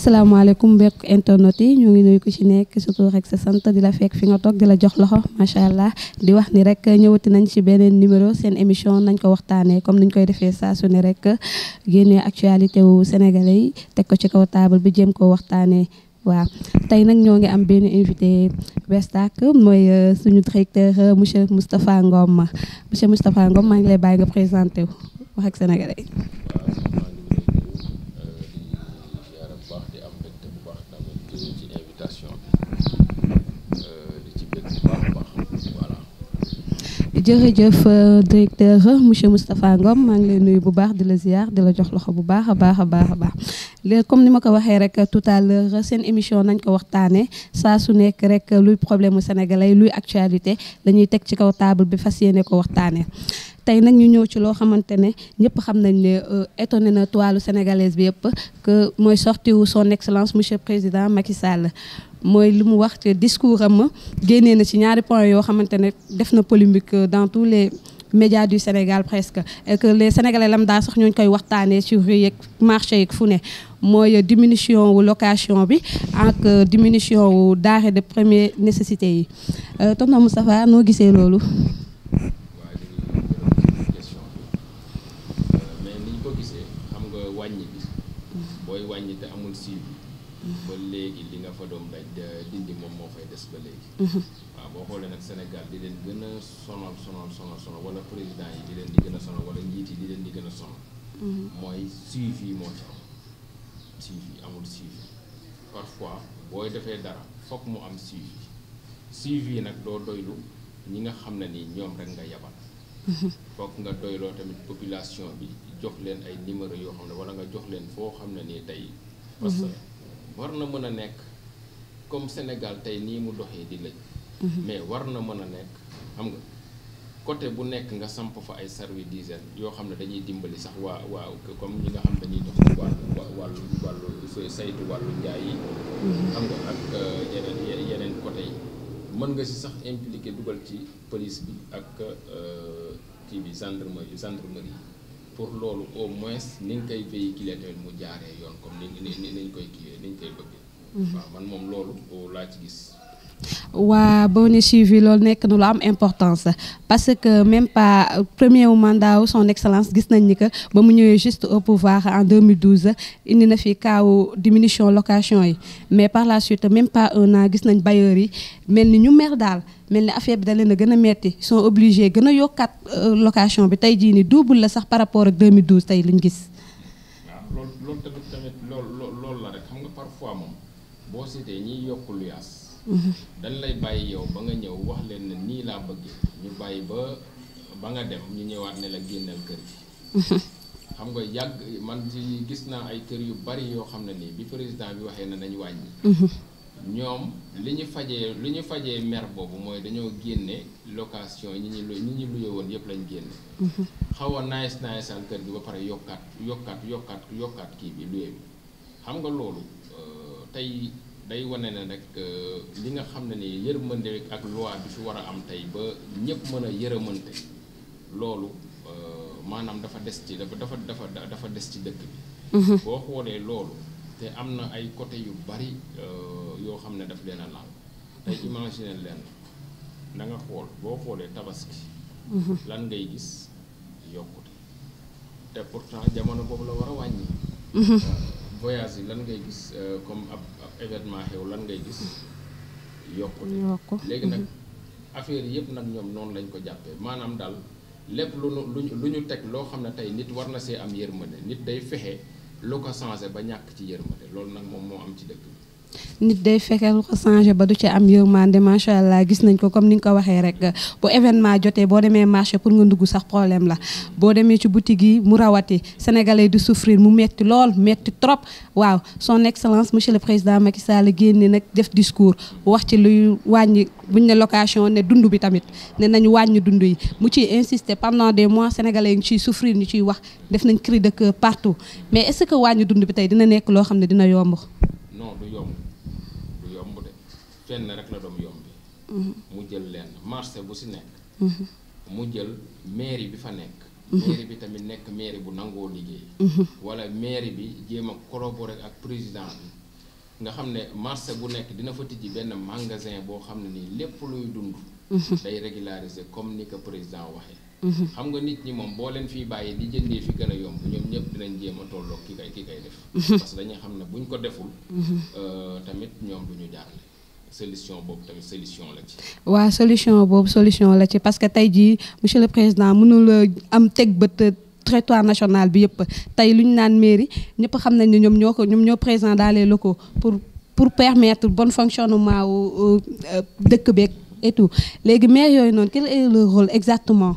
asalaamaaleykum mbokk internet yi ñoo ngi nuyu ku ci nekk surtout rek sa sant di la fekk fi nga toog di la jox loxo macha allah di wax ni rek ñëwati nañ ci beneen numéro seen émission nañ ko waxtaanee comme niñ koy defee saasu ne rek génne actualité wu sénégalais yi teg ko ci kaw taabal bi jéem koo waxtaanee. waaw tey nag ñoo ngi am benn invité bees mooy euh, suñu directeur euh, monsieur Moustapha Ngom monsieur Moustapha Ngom maa ngi lay bàyyi nga présenté wu wax ak sénégalais jërëjëf euh, directeur monsieur Moustapha Ngom maa ngi lay nuyu bu baax di la ziar di la jox loxo bu baax a baax a baax a baax léegi comme ni ma ko waxee rek tout à seen émission nañ ko waxtaanee saa su nekk rek luy problème mu sénégalais luy actualité la ñuy teg ci kaw taabal bi fas yéene ko waxtaanee. tey nag ñu ñëw ci loo xamante ne ñëpp xam nañ ne euh, étonné na toilu sénégalaise bi yëpp que mooy sorti wu son excellence monsieur président Macky Sall mooy li mu wax ci discours am génnee na ci ñaari points yoo xamante ne def na polémique dans tous les médias du Sénégal presque et que les sénégalais lambda sax ñu koy waxtaanee ci rue yeeg marché yeeg fu ne mooy diminution wu location bi ak euh, diminution wu denrées de première nécessité yi euh, tonton Moustapha noo gisee loolu. Mhm. waaw boo xoolee nag Sénégal di leen gën a sonal sonal sonal sonal wala président yi di leen di gën a sonal wala njiit yi di leen di gën a sonal. Mhm. mooy suivi moo ci am suivi amul suivi booy defee dara foog mu am suivi suivi nag doo doylu ñi nga xam ne nii ñoom rek nga yabal. Mhm. foog nga doyloo tamit population bi jox leen ay numéro yoo xam ne wala nga jox leen foo xam ne nii tey. parce que war na mën a nekk. comme Sénégal tey nii mu doxee di lëj mhm. mais war na mën a nekk xam nga côté bu nekk nga samp fa ay services d'hygiène yoo xam ne dañuy dimbali sax waa waa comme ñi nga xam dañuy dox ci wàllu wàllu wàllu saytu wàllu njaay yi mhm. xam nga ak euh, yeneen yeneen yi mën nga si sax impliqué dugal ci police bi ak euh, kii bi gendarmerie gendarmerie pour loolu au moins ni nga koy véhiculer tamit mu jaaree yoon comme ni ni ni ñu koy kiiwee ni ñu koy bëgg Mm-hmm. waaw man moom loolu laa ci gis. waa boo ne suivi loolu nekk na lu am importance parce que même pas premier mandat son excellence gis nañ ni que ba mu juste au pouvoir en 2012 indi na fi kaaw diminution location yi mais par la suite même pas un an gis nañ bailleur yi mel ni ñu mer daal mel ni affaire bi da leen a gën a metti sont obligés gën a yokkaat euh, location bi tey jii ni double la sax par rapport ak 2012 tey liñ gis. ñiy yokk luyaas mhm. dañ lay bàyyi yow ba nga ñëw wax leen ne nii laa bëggee ñu bàyyi ba ba nga dem ñu ñëwaat ne la génnal kër gi mhm. xam nga yàgg man ci gis naa ay kër yu bari yoo xam ne nii bi président bi waxee na nañ wàññi mhm. ñoom li ñu fajee li ñu fajee mer boobu mooy dañoo génne location ñu ñi woon yëpp lañ génne xaw a nice niceal kër gi ba pare yokkaat yokkaat yokkaat yokkaat kii bi luye bi xam nga loolu euh, tey day wane ne rek euh, li nga xam ne ni yërmande ak loi bi fi war a am tey ba ñëpp mën a yërëmante loolu euh, maanaam dafa des ci dafa dafa dafa des ci dëkk bi. Mhm. boo xoolee loolu te am na ay côté yu bari euh, yoo xam ne daf leen a laal tey leen na xool boo xoolee tabaski. Mhm. lan ngay gis yokkute te pourtant jamono boobu la war a wàññi. Mhm. voyage yi lan ngay gis euh, comme ab ab événement xew lan ngay gis yokku léegi nag mhm. affaire yëpp nag ñoom noonu lañ ko jàppee maanaam daal lépp lu nu lu ñu lu ñu teg loo xam ne tey nit war na see am yërmande nit day fexe lu ko changé ba ñàkk ci yërmande loolu nag moom moo am ci dëkk bi nit day fekkee lu ko changé ba du ci am yërmande macha allah gis nañ ko comme ni nga ko waxee rek bu événement jotee boo demee marché pour nga dugg sax problème la boo demee ci boutique yi mu rawati sénégalais du souffrir mu metti lool metti trop waaw son excellence monsieur le président Macky Sall génne nag def discours wax ci luy wàññi buñ ne location ne dund bi tamit ne nañu wàññi dund yi mu ciy insister pendant des mois sénégalais yi ngi ciy souffrir ñu ciy wax def nañ cri de partout mais est-ce que wàññi dund bi tey dina nekk loo xam ne dina yomb fenn rek la doom yomb bi mhm. mu jël lenn marché bu si nekk mhm. mu jël mairie bi fa nekk mhm. mairie bi tamit nekk mairie bu nangoo liggéey wala mairie bi jéem a collaborer ak président bi nga xam ne marché bu nekk dina fa tijji benn magasin boo xam ne nii lépp luy dund day régulariser comme ni ko président waxee xam nga nit ñi moom boo leen fii bàyyi di jëndee fi gën a yomb ñoom ñëpp dinañ jéem a tolloo ki kay ki kay def parce que dañuy xam ne buñ ko deful euh, tamit ñoom du ñu jaarle solution bob tamit solution la ci. solution bob solution la ci parce que tey jii monsieur le président mënul euh, am teg bët. Euh, territoire national bi yep tay lu nane mairie ñëpp xam nañ ne ñoom ñoo ko ñoom ñoo dans les locaux pour pour permettre bon fonctionnement euh, deuk beeg et tout légui maire yoy non quel est le rôle exactement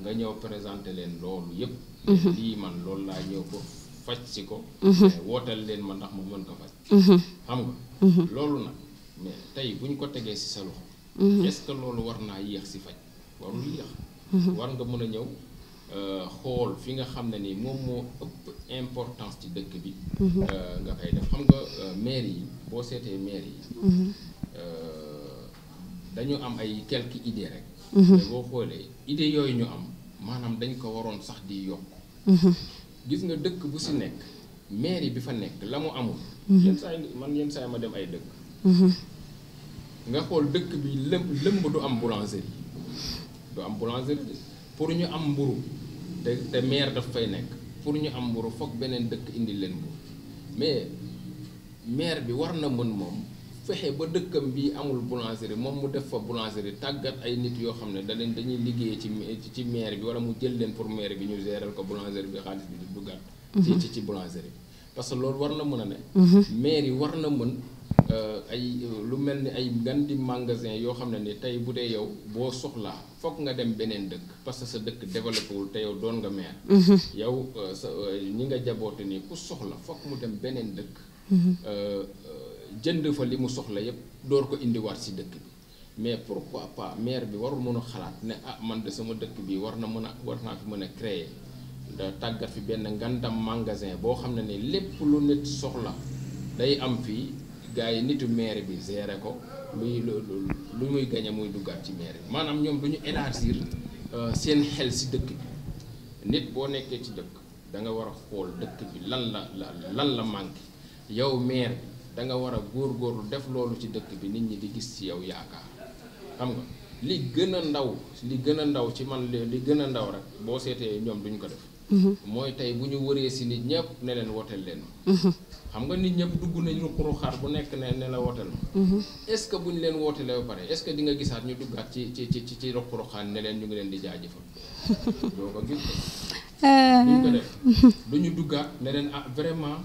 nga ñëw présenter leen loolu yëpp. Mhm. lii man loolu laa ñëw ko faj si ko. Mhm. wootal leen ma ndax mu mën ko faj. Mhm. xam nga. loolu nag mais tey bu ñu ko tegee si sa loxo. est-ce que loolu war naa yéex si faj warul yéex. war nga mën a ñëw euh, xool fi nga xam ne ni moom moo ëpp importance ci dëkk bi. Euh, nga koy def xam nga euh, maire yi boo seetee maire yi. dañu am ay quelques idées rek. te mhm. boo xoolee idée yooyu ñu am maanaam dañ ko waroon sax di yokk mhm. gis nga dëkk bu si nekk yi bi fa nekk la mu amul mhm. yenn saa yi man yenn saa ma dem ay dëkk nga xool dëkk bi lëmb lëmb du am boulangerie du am boulangerie pour ñu am mburu te te maire daf fay nekk pour ñu am mburu foog beneen dëkk indi leen mburu mais maire bi war na mën moom fexe ba dëkkam bi amul boulangerie moom mu def fa boulangerie tàggat ay nit yoo xam ne da leen dañuy liggéey ci ci maire bi wala mu jël leen pour maire bi ñu gérer ko boulangerie bi xaalis bi di mhm. ci ci boulangerie bi parce que loolu war na mën a ne. Mhm. maire yi war na mën euh, ay euh, lu mel ni ay gan di magasin yoo xam ne ni tey bu dee yow boo soxlaa foog nga dem beneen dëkk parce que sa dëkk développé wul te yow doon nga maire. Mhm. yow euh, sa ñi nga jaboote nii ku soxla foog mu dem beneen dëkk. jënd fa li mu soxla yépp door ko indiwaat ci dëkk bi mais pourquoi pas maire bi warul mën a xalaat ne ah man de sama dëkk bi war na mën a war naa fi mën a créer da tàggat fi benn ngantam magasin boo xam ne ne lépp lu nit soxla day am fii gars yi nitu maire bi gérer ko luy lu muy gañe muy duggaat ci maire bi maanaam ñoom du ñu élargir euh, seen xel ci dëkk bi nit boo nekkee ci dëkk da nga war a xool dëkk bi lan la la lan la manqué yow mair danga war a góorgóorlu def loolu ci dëkk bi nit ñi di gis ci yow yaakaar xam nga li gën a ndaw li gën a ndaw ci man li gën a ndaw rek boo seetee ñoom duñ ko def. Mhm. mooy tey bu ñu wëree si nit ñëpp ne leen woteel leen. Mhm. xam nga nit ñëpp dugg nañu ruquru xaar bu nekk ne ne la woteel ma. Mhm. ce que bu ñu leen wootelee ba pare est-ce que di nga gisaat ñu duggaat ci ci ci ci leen ñu ngi leen di jaajëfal. doo ko gis de. Euh, duñ ko def du ñu duggaat ne leen ah vraiment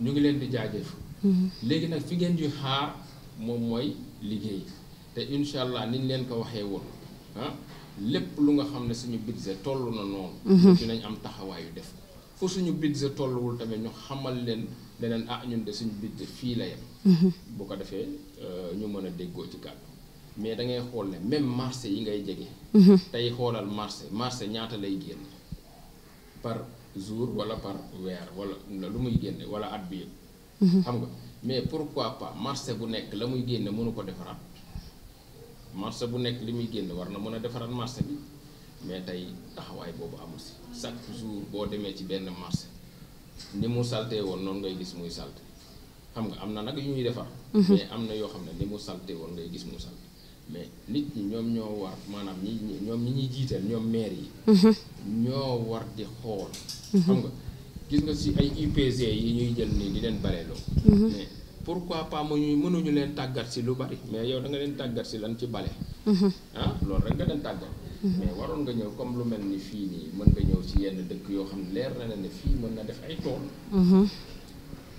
ñu ngi leen di jaajëfal. léegi nag fi ngeen di xaar moom mooy liggéey te incha allah niñ leen ko waxee woon ah lépp lu nga xam ne suñu budget toll na noonu. Mhm. nañ am taxawaayu def fu suñu budget tolluwul tamit ñu xamal leen ne ah ñun de suñu budget fii la yem. Mhm. bu ko defee euh, ñu mën a déggoo ci kàddu mais da ngay xool ne même marché yi ngay jege. Mhm. tey xoolal marché marché ñaata lay génn par jour wala par weer wala lu muy génne wala at bi yëpp. Mhm. xam nga mais pour pourquoi pas marché bu nekk la muy génn mënu ko defaraat marché bu nekk li muy génn war na mën a defaraat marché bi mais tey taxawaay boobu amul si chaque jour boo demee ci benn marché ni mu salte woon noonu ngay gis muy salté xam nga am na nag yu ñuy defar. Mhm. mais am na yoo xam ne ni mu salté woon ngay gis mu salté mais nit ñi ñoom ñoo war maanaam ñi ñoom ñi ñuy jiital ñoom maire yi. Mhm. ñoo war di xool. xam nga. gis nga si ay UPG yi ñuy jël nii di leen baleeloo mhm. mais pourquoi pas mu ñuy mënuñu leen tàggat si lu bari mais yow da nga leen tàggat si lan ci bale mhm. ah loolu rek nga leen tàggat mhm. mais waroon nga ñëw comme lu mel ni fii nii mën nga ñëw si yenn dëkk yoo xam ne leer na la ne fii mën na def ay tool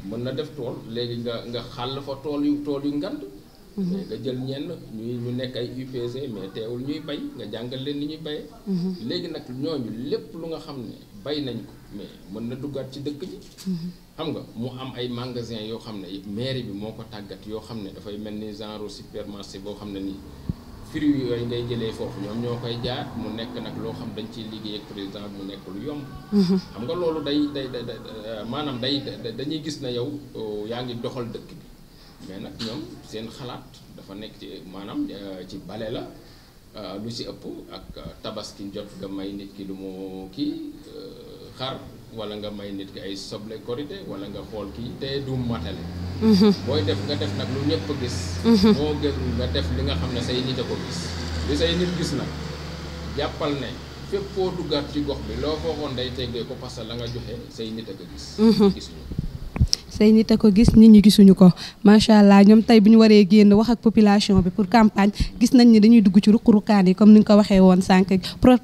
mën na def tool léegi nga nga xàll fa tool yu tool yu ngand mais nga jël ñenn ñuy ñu nekk ay UPG mais teewul ñuy bay nga jàngal ni ñuy bayee léegi nag ñooñu lépp lu nga bay nañ ko mais mën na duggaat ci dëkk ji mm-hmm. xam nga mu am ay magasin yoo xam ne mairie bi moo ko tàggat yoo xam ne dafay mel ni genre supermarché boo xam ne nii fruits yooyu ngay jëlee foofu ñoom ñoo koy jaar mu nekk nag loo xam dañ ciy liggéey ak président mu nekk lu yomb mm-hmm. xam nga loolu day day day euh, maanaam day dañuy gis na yow euh, yaa ngi doxal dëkk bi mais nag ñoom seen xalaat dafa nekk ci maanaam euh, ci bale la Ah, lusi apa? ak tabaski jot ga may ki eh, dumo ki xar wala nga may nit ki ay soble korité wala nga xol ki té du matalé mhm. boy def nga def nak lu ñepp gis mhm. bo gis nga def li nga xamné say nit ko gis li say nit gis nak jappal né fepp ko dugat ci gox bi lo ko won day tégué ko parce la nga joxé say nit ko gis mhm. gis ñu tey nit a ko gis nit ñi gisuñu ko macha allah ñoom tey bu ñu waree génn wax ak population bi pour campagne gis nañ ni dañuy dugg ci ruq-ruqaan yi comme ni nga ko waxee woon sànq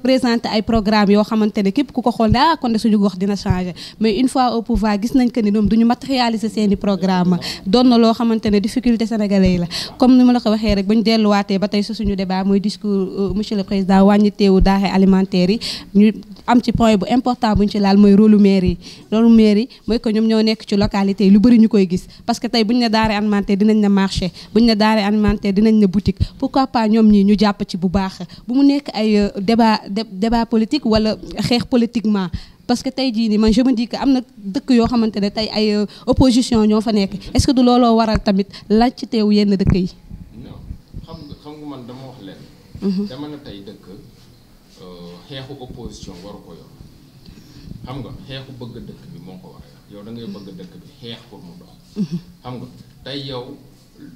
présenter ay programme yoo xamante ne képp ku ko xool ne ah, kon de suñu gox dina mais une fois au pouvoir nañ que ni ñoom duñu matérialiser seen i programme doon na loo xamante ne difficulté sénégalais yi la comme ni ma la ko waxee rek ba ñu delluwaatee ba tey su suñu débat mooy discours euh, monsieur le président wàññi teewu daaxe alimentaire yi am ci point bu important bu ñu ci laal mooy rôle maire yi rôle mooy que ñoom ñoo nekk ci localité yi lu bëri ñu koy gis parce que tey bu ñu ne daare alimentaire dinañ na ñu ne daare alimentaire dinañ na boutique pourquoi pas ñoom ñii ñu jàpp ci bu baax bu mu nekk ay euh, débat débat politique wala xeex politiquement parce que tey jii nii ma je me am na dëkk yoo xamante ne tey ay euh, opposition ñoo fa nekk est-ce que du looloo waral tamit laaj ci teew yenn dëkk yi. Eh, xeexu opposition waru ko yor xam nga xeexu bëgg dëkk bi moo ko war a yor yow da ngay bëgg dëkk bi xeex ko mu dox. xam nga tey yow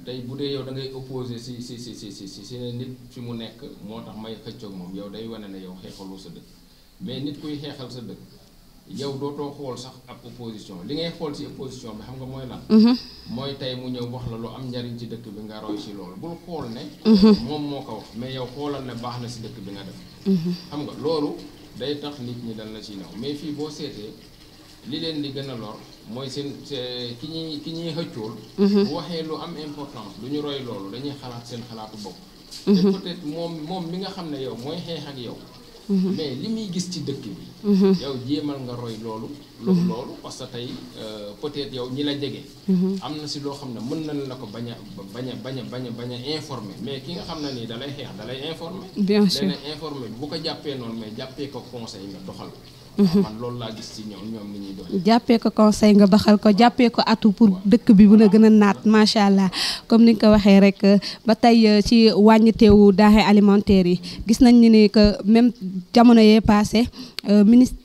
tey bu dee yow da ngay opposé si si si si si si si ne nit fi mu nekk moo tax may xëccoog moom yow day wane ne yow xeexaloo sa dëkk mais nit kuy xeexal sa dëkk yow dootoo xool sax ak opposition li ngay xool si opposition bi xam nga mooy lan. Mm-hmm. mooy tey mu ñëw wax la lu am njariñ ci dëkk bi nga roy si loolu bul xool ne. Mm-hmm. moom moo ko wax mais yow xoolal baax na si dëkk bi nga xam nga loolu day tax nit ñi dal la ci naw mais fii boo seetee li leen di gën a lor mooy seen ki ñuy ki ñuy xëccool mhm. bu waxee lu am important du ñu roy loolu dañuy xalaat seen xalaatu bopp mhm. te moom moom mi nga xam ne yow mooy xeex ak yow Mm-hmm. mais li muy gis ci dëkk bi. Mm-hmm. yow jéemal nga roy loolu. Mm-hmm. loolu loolu parce que tey euh, peut-être ñi la jege. am na si loo xam ne mën nañ la ko bañ a bañ a bañ a a bañ a informer mais ki nga xam ne nii da lay xeex da lay informer. bien sûr informer bu ko jàppee noonu mais jàppee ko conseil nga doxal. Mm-hmm. man loolu jàppee ko conseil nga baxal ko jàppee ko atu pour dëkk bi bu na gën a naat macha allah comme ni nga ko waxee rek ba tey euh, ci wàññiteewu daaxe alimentaire yi gis nañ ni que même jamono yee passé euh, ministre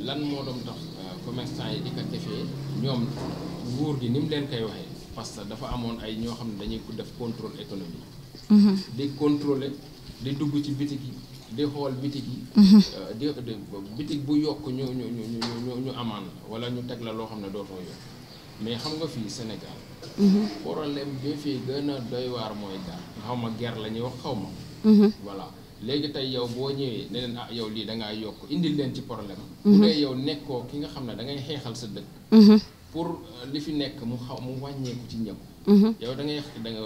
lan moo doon tax euh, commerçant yi di ko defee ñoom nguur gi ni mu leen koy waxee parce que dafa amoon ay ñoo xam ne dañuy def contrôle économique. Mm-hmm. di contrôler di dugg ci bitig yi di xool bitig yi. Mm-hmm. Euh, di bitig bu yokk ñu ñu ñu ñu ñu amaan la wala ñu teg la loo xam ne dootoo yokk mais xam nga fii Sénégal. Mm-hmm. problème bi fii gën a doy waar mooy gaar xaw ma guerre la ñuy wax xaw ma. voilà. légui tay yow bo ñëwé né len ah yow li da nga yok indil len ci problème mhm. bu dé yow nekko ki nga xamné da ngay xéxal sa dëkk mhm. pour euh, li fi nekk mu xaw mu wañé ko ci ñëw mhm. yow da ngay da nga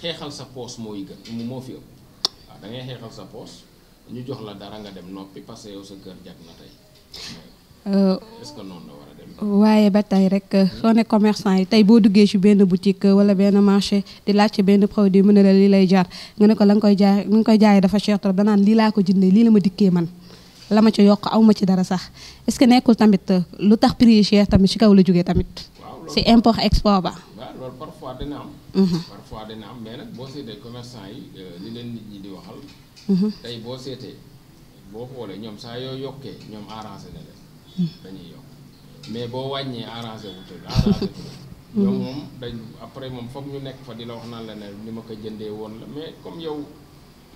xéxal sa poste moy gën mu mo fi da ngay xéxal sa poste ñu jox la dara nga dem nopi parce yow sa kër jagg euh est ce que non la waaye ba tey rek euh, soo ne commerçant yi tey boo duggee ci benn boutique euh, wala benn marché di laaj ci benn produit mu ne la lii lay jaar nga ne ko la nga koy jaay ni nga koy jaayee dafa cher trop danaan lii laa ko jëndee lii la ma dikkee man la ma ca yokk aw ci dara sax est ce que nekkul tamit euh, lu prix yi tamit si kaw la jugee tamit si import export ba. loolu parfois dina am. Mhm. parfois dina am mais nag boo seetee commerçant yi li leen nit ñi di waxal. Mhm. tey boo seetee boo xoolee ñoom saa yoo yokkee ñoom arrangé na leen. Mhm. dañuy yokk. mais boo wàññee arrangé wu te arrangé mm-hmm. moom dañ après moom foog ñu nekk fa dina wax naan la ne ni ma ko jëndee woon la mais comme yow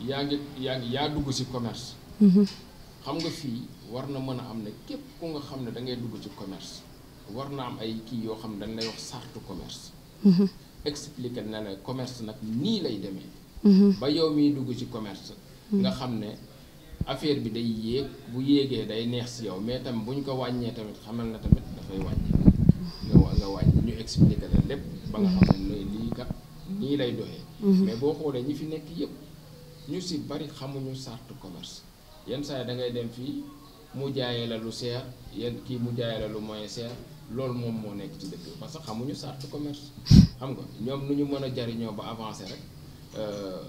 yaa ngi yaa ngi yaa dugg ci commerce mm-hmm. xam nga fii war na mën a am ne képp ku nga xam ne dangay dugg ci commerce war na am ay kii yoo xam ne dañ lay wax sartu commerce mm-hmm. expliqué na la commerce nag nii lay demee ba yow miy dugg ci commerce nga xam ne affaire bi day yéeg bu yéegee day neex si yow mais bu buñ ko wàññee tamit xamal na tamit dafay wàññi nga nga ñu expliqué la lépp ba nga xam ne lii kat nii lay doxee mhm. mais boo xoolee ñi fi nekk yëpp ñu si bari xamuñu charte commerce yenn saa yi da ngay dem fii mu jaayee la lu seer yan kii mu jaayee la lu moyen seer loolu moom moo nekk ci dëkk parce que xamuñu charte commerce xam nga ñoom nu ñu mën a jariñoo ba avancé rek euh,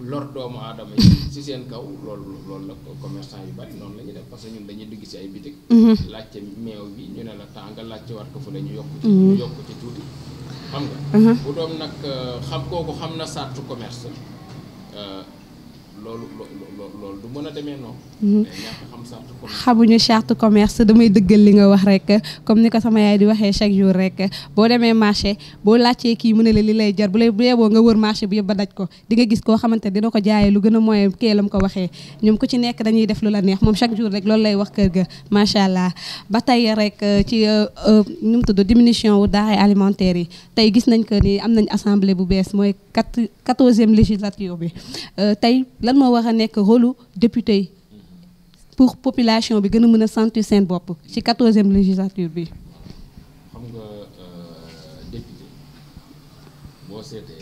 lor doomu aadama yi si seen kaw loolu loolu la commerçant yu bari noonu la ñuy def parce que ñun dañuy dugg si ay bitik mhm. laajte meew bi ñu ne la temps nga laajte war ko fu la ñu yokk ci mhm. ñu yokk ci tuuti xam nga mhm. bu doom nag euh, xam kooku xam na sartu commerce euh, loolu loolu du mhm. charte commerce damay dëggal li nga wax rek comme ni ko sama yaay di waxee chaque jour rek boo demee marché boo laajtee kii mu ne la li lay jar bu lay bu yeboo nga wër marché bi yëpp ba daj ko di nga gis koo xamante dina ko jaayee lu gën a mooy kee lam ko waxee ñoom ku ci nekk dañuy def lu la neex moom chaque jour rek loolu lay wax kër ga macha allah ba tey rek euh, ci euh, euh, nu mu tudd diminution wu denrées alimentaires yi tey gis nañ que nii am nañ assemblée bu bees mooy quatorzième législature bi lan moo war a nekk député pour population bi gëna mëna mën a bop ci 14e législature bi. xam nga euh, député boo sété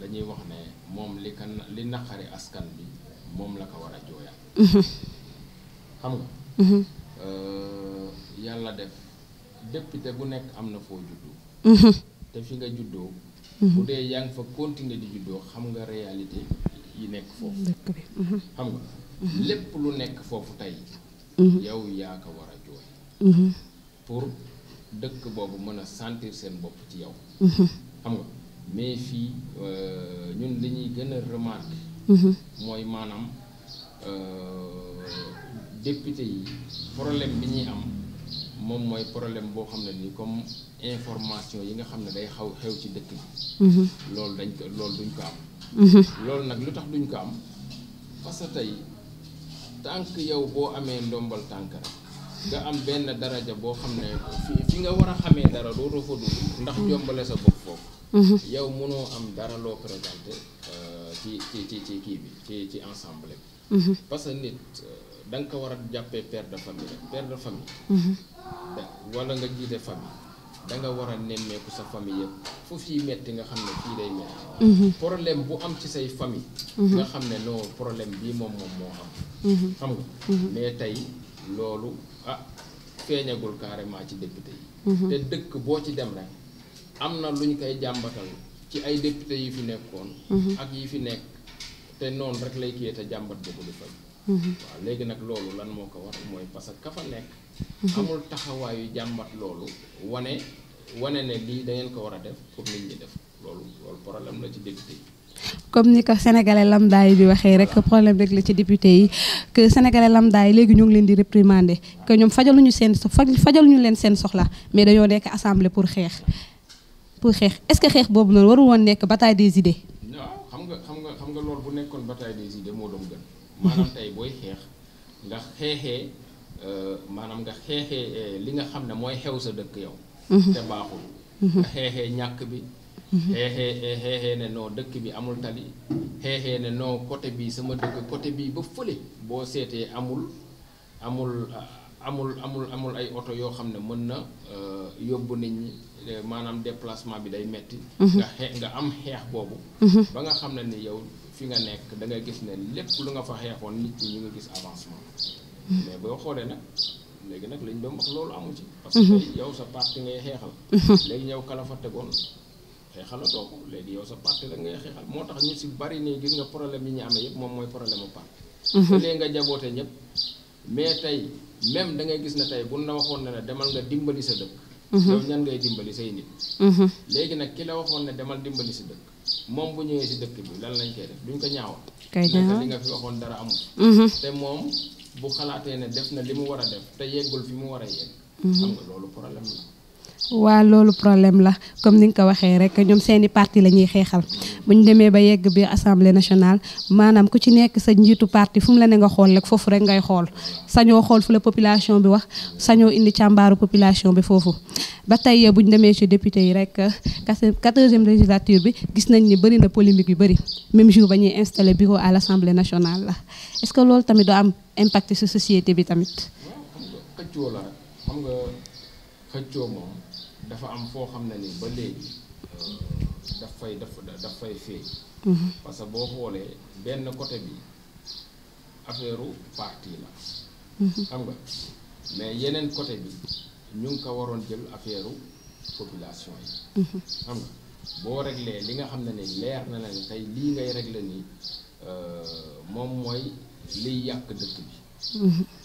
dañuy wax né mom li kan li naqari askan bi mom la ko wara joya mhm. xam nga. Mhm. euh yalla def député bu nek amna fo foo juddoo. Mhm. te fi nga juddoo. bu dee yaa ngi fa continuer di juddoo xam nga réalité yi nekk foofu mhm. xam nga mhm. lépp lu nekk foofu tey mhm. yow yaa ko war a jooy pour dëkk boobu mën a sentir seen bopp ci yow xam nga mais fii euh, ñun li ñuy gën a remarqué mooy maanaam euh, député yi problème bi ñuy am moom mooy problème boo xam ne ni comme information yi nga xam ne day xaw xew ci dëkk bi loolu dañ ko loolu duñ ko am loolu nag lu tax duñ ko am parce que tey tànk yow boo amee ndombal tànk rek nga am benn daraja boo xam ne fi nga war a xamee dara dootoo fa dugg ndax mm-hmm. jombale sa bopp foofu mm-hmm. yow mënoo am dara loo présenté euh, ci ci ci ci kii bi ci ci ensemble bi mm-hmm. parce que nit euh, da ko war a jàppee père de famille rek père de famille wala nga jiite famille danga war a nemmeeku sa famille yëpp fu fii metti nga xam ne fii day metti mhm. problème bu am ci say famille mhm. nga xam ne non problème bii moom moom moo am mhm. xam nga mais tey loolu ah feeñagul carrément ci député yi te dëkk boo ci dem rek am na lu ñu koy jàmbatal ci ay député yi fi nekkoon ak yi fi nekk te noonu rek lay kiyee te jàmbat boobu di fay waaw léegi nag loolu lan moo ko war mooy parce que ka fa nekk amul taxawaayu jàmbat loolu wane wane ne lii da ko war a def pour nit ñi def loolu loolu problème la ci député yi. comme ni ko sénégalais lambda yi di waxee rek problème rek la ci député yi que sénégalais lambda yi léegi ñu ngi leen di réprimander que ñoom fajaluñu seen so fajaluñu leen seen soxla mais dañoo nekk assemblée pour xeex pour xeex est-ce que xeex boobu noonu warul woon nekk bataille des idées. waaw xam nga xam nga xam nga loolu bu nekkoon bataille moo doon gën. maanaam tey booy xeex nga xeexee. Euh, maanaam nga xeexee euh, li nga xam ne mooy xew sa dëkk yow mhm. te baaxul mhm. nga xeexee ñàkk bi mhm. xeexee xeexee ne non dëkk bi amul tali xeexee ne non côté bii sama dëkk côté bii ba fële boo seetee amul amul euh, amul amul amul ay oto yoo xam ne mën na yóbbu nit ñi maanaam déplacement bi day metti nga xee nga am xeex boobu ba nga xam ne nit ñi nga gis avancement mais boo xoolee nag léegi nag liñ doon wax loolu amu ci. Mhm. parce que yow sa parti ngay xeexal. Mhm. léegi yow kala fa xeexalatoo ko léegi yow sa parti la ngay xeexal moo tax ñu si bari nii gis nga problème yi ñu amee yëpp moom mooy problème mu parti. Mhm. léegi nga jaboote ñëpp mais tey même da ngay gis ne tey buñ la waxoon ne la demal nga dimbali sa dëkk. yow ngay dimbali say nit. léegi nag ki la waxoon ne demal dimbali si dëkk moom bu ñëwee si dëkk bi lan lañ koy def duñ ko ñaawal. kay li nga fi waxoon dara amul. te moom. bu xalaatee ne def na li mu war a def te yeggul fi mu war a yegg. Mhm. nga loolu problème la. waa loolu problème la comme ni nga ko waxee rek ñoom seeni parti la ñuy xeexal buñ ñu demee ba yegg bi assemblée nationale maanaam ku ci nekk sa njiitu parti fu mu la ne nga xool rek foofu rek ngay xool sañoo xool fu la population bi wax sañoo indi càmbaaru population bi foofu. ba tey bu demee ci député yi rek quatorzième législature bi gis nañ ni bëri na polémique yu bëri même jour ba ñuy installé bureau à l' assemblée nationale la est ce que loolu tamit doo am impact ci société bi tamit. xëccoo la xam nga xëccoo moom. dafa am foo xam ne ni ba léegi euh, daf fay daf fay feeñ. Mhm. parce que boo xoolee benn côté bi affaire parti la. Mhm. xam nga mais yeneen côté bi ñu ngi ko waroon jël affaire population yi. Mhm. xam nga boo réglee li nga xam ne ni leer na la ne tey lii ngay réglé nii euh, moom mooy liy yàq dëkk bi.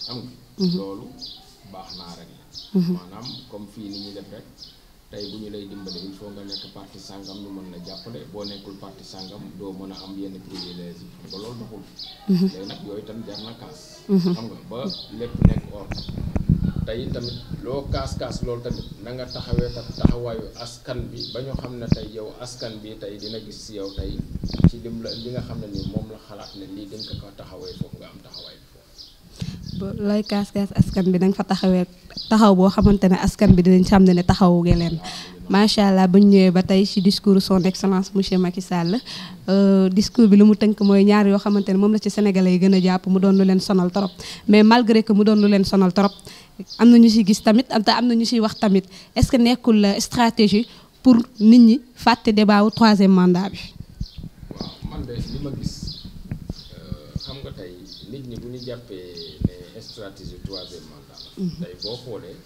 xam nga loolu baax naa réglé. Mhm. maanaam comme fii ni ñuy def rek tey bu ñu lay dimbale il faut nga nekk parti sàngam ñu mën la jàppale boo nekkul parti sàngam doo mën a am yenn privilège xam nga loolu doxul mhm. léegi nag yooyu tam jar na mhm. lépp nekk or tey tamit loo kaas-kaas loolu tamit na nga taxawee tam taxawaayu askan bi ba ñu xam ne tey yow askan bi tey dina gis si yow tey ci lim la li nga xam ne ni moom la xalaat ne lii dañ ko ko taxawee foofu nga am taxawaay looy kaas kaas askan bi danga fa taxawee taxaw boo xamante ne askan bi dinañ xam ne taxawu ngeen leen macha allah bu ñu ñëwee ba tey ci discours son excellence monsieur Macky Sall euh, discours bi lu mu tënk mooy ñaar yoo xamante ne moom la ci sénégalais yi gën a jàpp mu doon lu leen sonal trop mais malgré que mu doon lu leen sonal trop am na ñu si gis tamit am am na ñu ciy wax tamit est-ce que nekkul stratégie pour nit ñi fàtte de wu troisième mandat bi. stratégie troisième mandat la mhm. tey boo xoolee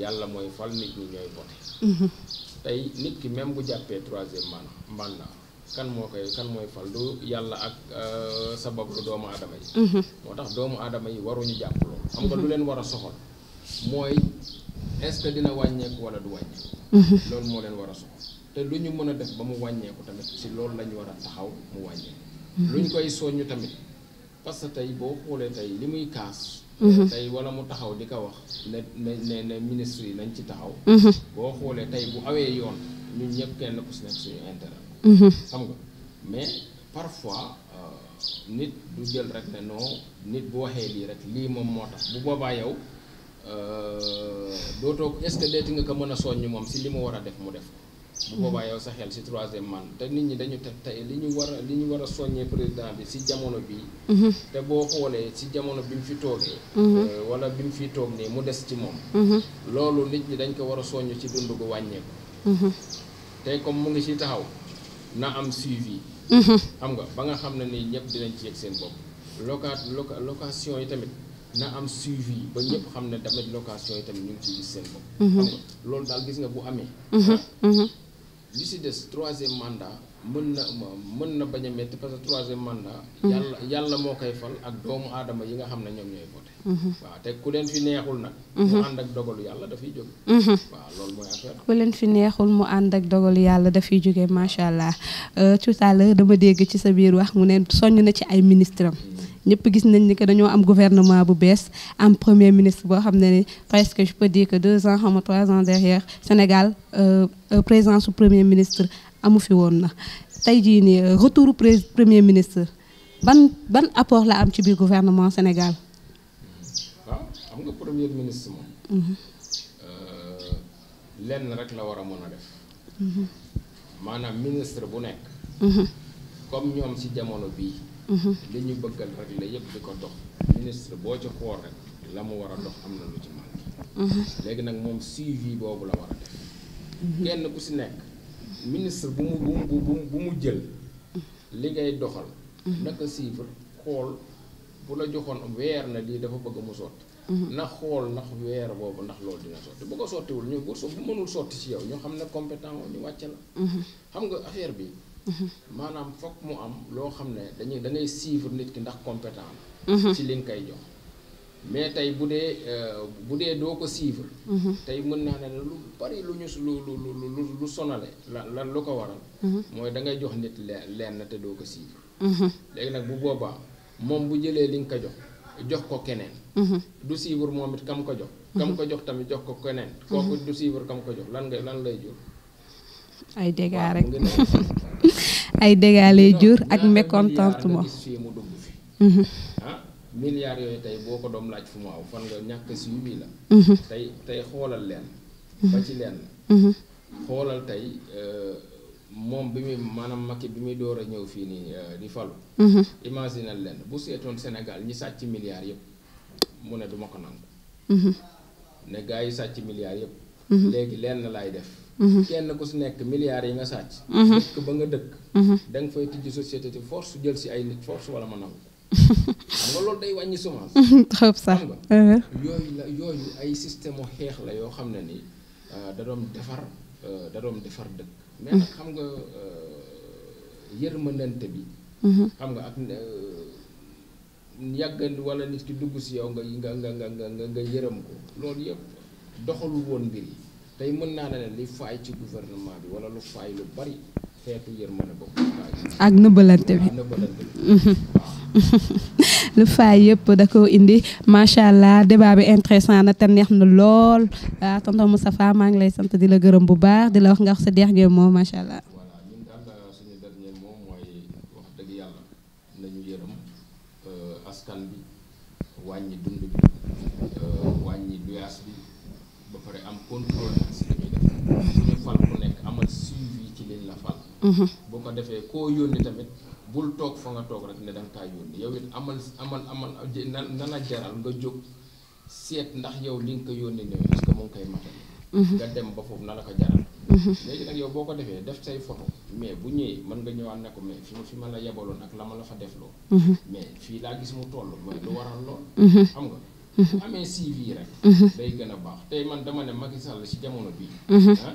yàlla mooy fal nit ñi ñooy voté mhm. tey nit ki même bu jàppee troisième man mandat kan moo koy kan mooy fal du yàlla ak euh, sabab lu doomu aadama yi mhm. moo tax doomu adama yi waruñu jàpp loolu xam nga lu leen war a soxal mooy est que dina wàññeeku wala du wàññeeku loolu moo leen war a soxal te lu ñu mën a def ba mu wàññeeku tamit si loolu la ñu war a taxaw mu wàññeeku lu ñu koy soññu tamit parce tey boo xoolee tey li muy kaas Mm-hmm. tey wala mu taxaw di ko wax ne ne ne ministre yi lañ ci taxaw mm-hmm. boo xoolee tey bu awee yoon ñun ñëpp kenn ku si nekk suñu intérêt mm-hmm. xam nga mais parfois euh, nit du jël rek ne non nit bu waxee lii rek lii moom moo tax bu boobaa yow euh, dootoo est-ce que deeti nga ko mën a soññ moom si li mu war a def mu def bu boobaa yow sa xel si troisième man te nit ñi dañu ta tey li ñu war a li ñu war a soññee président bi si jamono bi mm-hmm. te boo xoolee si jamono bi mu fi toogee. Mm-hmm. Euh, wala bi mu fi toog nii mu des ci moom. Mm-hmm. loolu nit ñi dañ ko war a soññ ci dund gu wàññeeku. te comme mu ngi ci taxaw na am suivi. xam nga ba nga xam ne nii ñëpp dinañ ci yëg seen bopp. lokat loca location yi tamit. na am suivi ba ñëpp xam ne tamit location yi tamit ñu ngi ciy gis seen bopp. loolu daal gis nga bu amee. Ah. li si des troisième mandat mën na mën na bañ a métti parce que troisième mandat. Mhm. yàlla yàlla moo koy fal ak doomu aadama yi nga xam ne ñoom ñooy voté. Mhm. waaw te mhm. ku leen fi neexul mu ànd ak dogalu yàlla dafay jóge. waaw fi neexul mu ànd ak yàlla dafay jóge macha allah euh, tout à l'heure dama dégg ci sa biir wax mu ne soññ na ci ay ministre am. Mm. ñëpp gis nañ ni que dañoo am gouvernement bu bees am premier ministre boo xam ne presque je peux dire que deux ans xam trois ans derrière Sénégal euh, euh, présence du premier ministre amu fi woon na tey jii euh, retour premier ministre ban ban apport la am ci biir gouvernement Sénégal. waaw xam nga premier ministre moom. Mhm. lenn rek la war a mën a def. Mhm. ministre bu nekk. Mhm. comme ñoom ci jamono bii. Mhm. li ñu bëggal rek la yëpp di ko dox ministre boo ci xool rek la mu war a dox am na lu ci manqué mhm. léegi nag moom suivi boobu la war a def mhm. kenn ku si nekk ministre bu mu bu mu jël li ngay doxal naka suivre xool bu la joxoon weer na lii dafa bëgg mu sotti ndax xool ndax weer boobu ndax loolu dina sotti bu ko sottiwul ñu bu mënul sotti ci yow ñoo xam ne compétent ñu wàcce la xam nga affaire bi maanaam foog mu am loo xam ne dañuy dangay ngay suivre nit ki ndax compétent la mhm. ci li nga koy jox mais tey bu dee euh, bu dee doo ko suivre mhm. tey mën naa ne lu bari lu ñu lu lu lu sonale la lan lu ko waral mhm. da ngay jox nit lenn te doo ko suivre léegi nag bu boobaa moom bu jëlee li nga ko jox jox ko keneen du suivre moom it kam ko jox kam ko jox tamit jox ko keneen kooku du suivre kam ko jox lan nga lan lay jur ay dégâts rek ay dégâts lay jur ak mécontentement. Mhm. Ah, milliards yooyu tey boo ko doom laaj fu mu aw fan nga ñàkk suivi la. Mhm. tey tey xoolal leen. Mhm. ba ci leen. xoolal tey euh, moom bi muy maanaam Macky bi muy door a ñëw fii nii euh, di falu. imaginal leen bu seetoon Sénégal ñi sàcc milliards yëpp mu ne du ma ko ne gars yi sàcc milliards yëpp. léegi leen laay def. Mhm. kenn ku si nekk milliards yi nga sàcc. Mhm. ba nga dëkk. Mhm. da nga fay tijji société te force jël si ay nit force wala ma nangu. xam nga loolu day wàññi semence. trop sax xam nga. ay système xeex la yoo xam ne ni euh, da defar euh, da defar dëkk. mais xam nga euh, yërmandante bi. xam nga ak yàgg wala nit ki dugg si yow nga nga nga nga yërëm ko loolu yëpp doxalul woon mbir yi. tey mën naa ne lu faay lu yëpp da ko indi macha allah débat bi intéressant na te neex na lool ah tonton Moustapha maa ngi lay sant di la gërëm bu baax di la wax nga wax sa dernier moom macha allah. Mm-hmm. bu ko defee koo yónni tamit bul toog fa nga toog rek ne da nga kaa yónni yow it amal amal amal nana jaral nga jóg seet ndax yow li nga ko yónni ne parce que mu ngi koy matali mm-hmm. nga na la ko jaral mm-hmm. léegi nag boo ko defee def say photo mais bu ñëwee mën nga ñëwaat ne ko mais fi ma fi ma la yebaloon ak la ma la fa def loo mais fii laa gis mu toll mooy lu waral lool xam nga amee CV rek day gën a baax tey man dama ne Macky Sall ci jamono bii ah?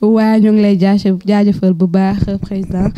waaye ñoo ngi lay jaajëf jaajëfal bu baax président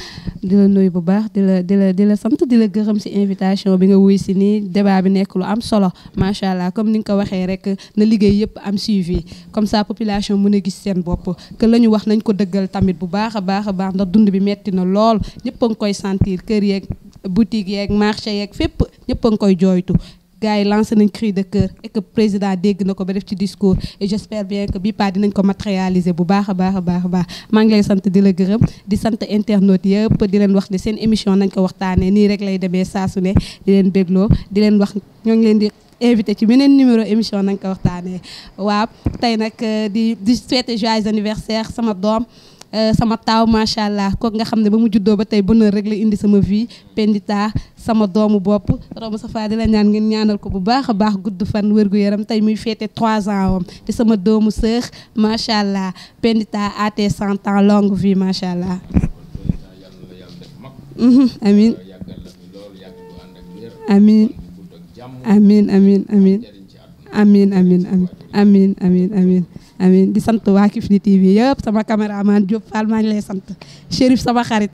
di la nuyu bu baax di la di la di la sant di la gërëm si invitation bi nga wuy si nii débat bi nekk lu am solo macha allah comme ni nga ko waxee rek na liggéey yëpp am suivi comme ça population mën a gis seen bopp la ñu wax nañ ko dëggal tamit bu baax a baax a baax ndax dund bi metti na lool ñëpp ngi koy sentir kër yeeg boutique yeeg marché yeeg fépp ñëpp a ngi koy jooytu gars yi lancé nañ cri de cœur et président dégg na ko ba def ci discours et j' bien que bi pas dinañ ko matérialiser bu baax a baax a baax a baax maa ngi lay sant di la gërëm di sant internautes yëpp di leen wax ni seen émission nañ ko waxtaanee nii rek lay demee saa su ne di leen bégloo di leen wax ñoo ngi leen di invité ci beneen numéro émission nañ ko waxtaanee waa tey nag euh, di di souhaiter joyeux anniversaire sama doom Euh, sama taaw macha allah nga xam ne ba mu juddoo ba tey bonheur rek la indi sama vie pendita sama doomu bopp Rama Safa di la ñaan ngeen ñaanal ko bu baax a baax gudd fan wérgu yaram tey muy féete 3 ans wam te sama doomu sœur macha allah pendita aatee 100 ans longue vie macha allah. Mhm, amin amin amin amin amin amin amin amin amiin di sant waa Kifne TV yëpp sama caméraman Diop Fall maa ngi lay sant Chérif sama xarit